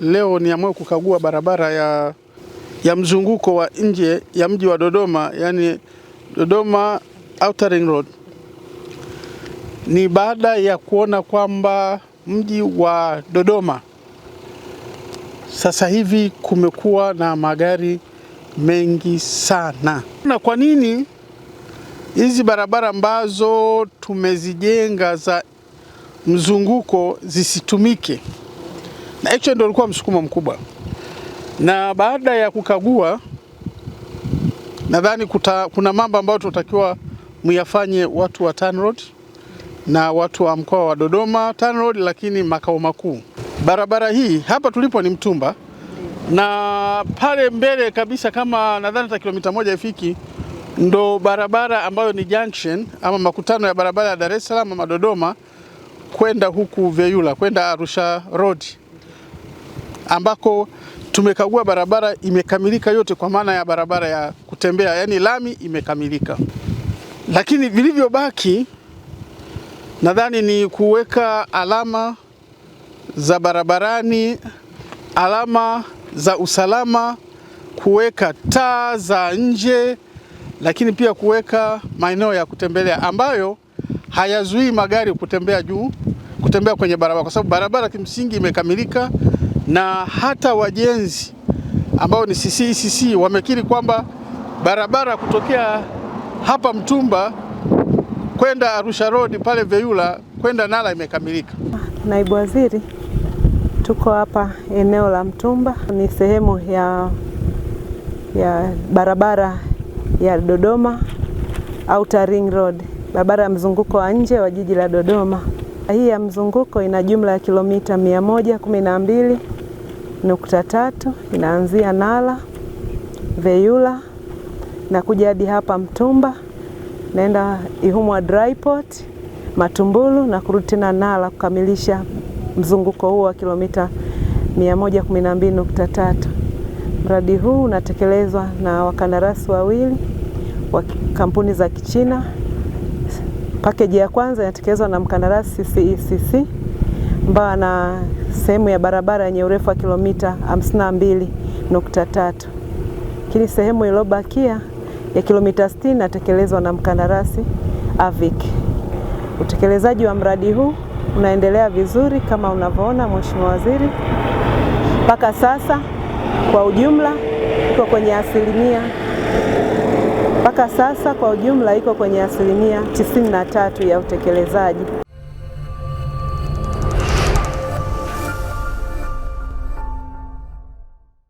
Leo niamua kukagua barabara ya, ya mzunguko wa nje ya mji wa Dodoma, yani Dodoma Outer Ring Road. Ni baada ya kuona kwamba mji wa Dodoma sasa hivi kumekuwa na magari mengi sana. Na kwa nini hizi barabara ambazo tumezijenga za mzunguko zisitumike? na hicho ndio ulikuwa msukumo mkubwa. Na baada ya kukagua, nadhani kuna mambo ambayo tunatakiwa muyafanye watu wa TANROADS na watu wa mkoa wa Dodoma TANROADS, lakini makao makuu. Barabara hii hapa tulipo ni Mtumba na pale mbele kabisa kama nadhani hata kilomita moja ifiki ndo barabara ambayo ni junction ama makutano ya barabara ya Dar es Salaam ama Dodoma kwenda huku Veyula kwenda Arusha Road ambako tumekagua barabara imekamilika yote, kwa maana ya barabara ya kutembea, yaani lami imekamilika, lakini vilivyobaki nadhani ni kuweka alama za barabarani, alama za usalama, kuweka taa za nje, lakini pia kuweka maeneo ya kutembelea ambayo hayazuii magari kutembea juu, kutembea kwenye barabara, kwa sababu barabara kimsingi imekamilika na hata wajenzi ambao ni CCCC wamekiri kwamba barabara kutokea hapa Mtumba kwenda Arusha Road pale Veyula kwenda Nala imekamilika. Naibu Waziri, tuko hapa eneo la Mtumba, ni sehemu ya, ya barabara ya Dodoma Outer Ring Road, barabara ya mzunguko wa nje wa jiji la Dodoma. Hii ya mzunguko ina jumla ya kilomita 112.3 inaanzia Nala, Veyula na kuja hadi hapa Mtumba, naenda Ihumwa Dryport Matumbulu na kurudi tena Nala kukamilisha mzunguko huu wa kilomita 112.3. Mradi huu unatekelezwa na wakandarasi wawili wa kampuni za Kichina Pakeji ya kwanza inatekelezwa na mkandarasi CECC e ambayo ana sehemu ya barabara yenye urefu wa kilomita 52.3, lakini sehemu iliyobakia ya kilomita 60 inatekelezwa na mkandarasi AVIC. Utekelezaji wa mradi huu unaendelea vizuri kama unavyoona Mheshimiwa Waziri, mpaka sasa kwa ujumla iko kwenye asilimia mpaka sasa kwa ujumla iko kwenye asilimia 93 ya utekelezaji.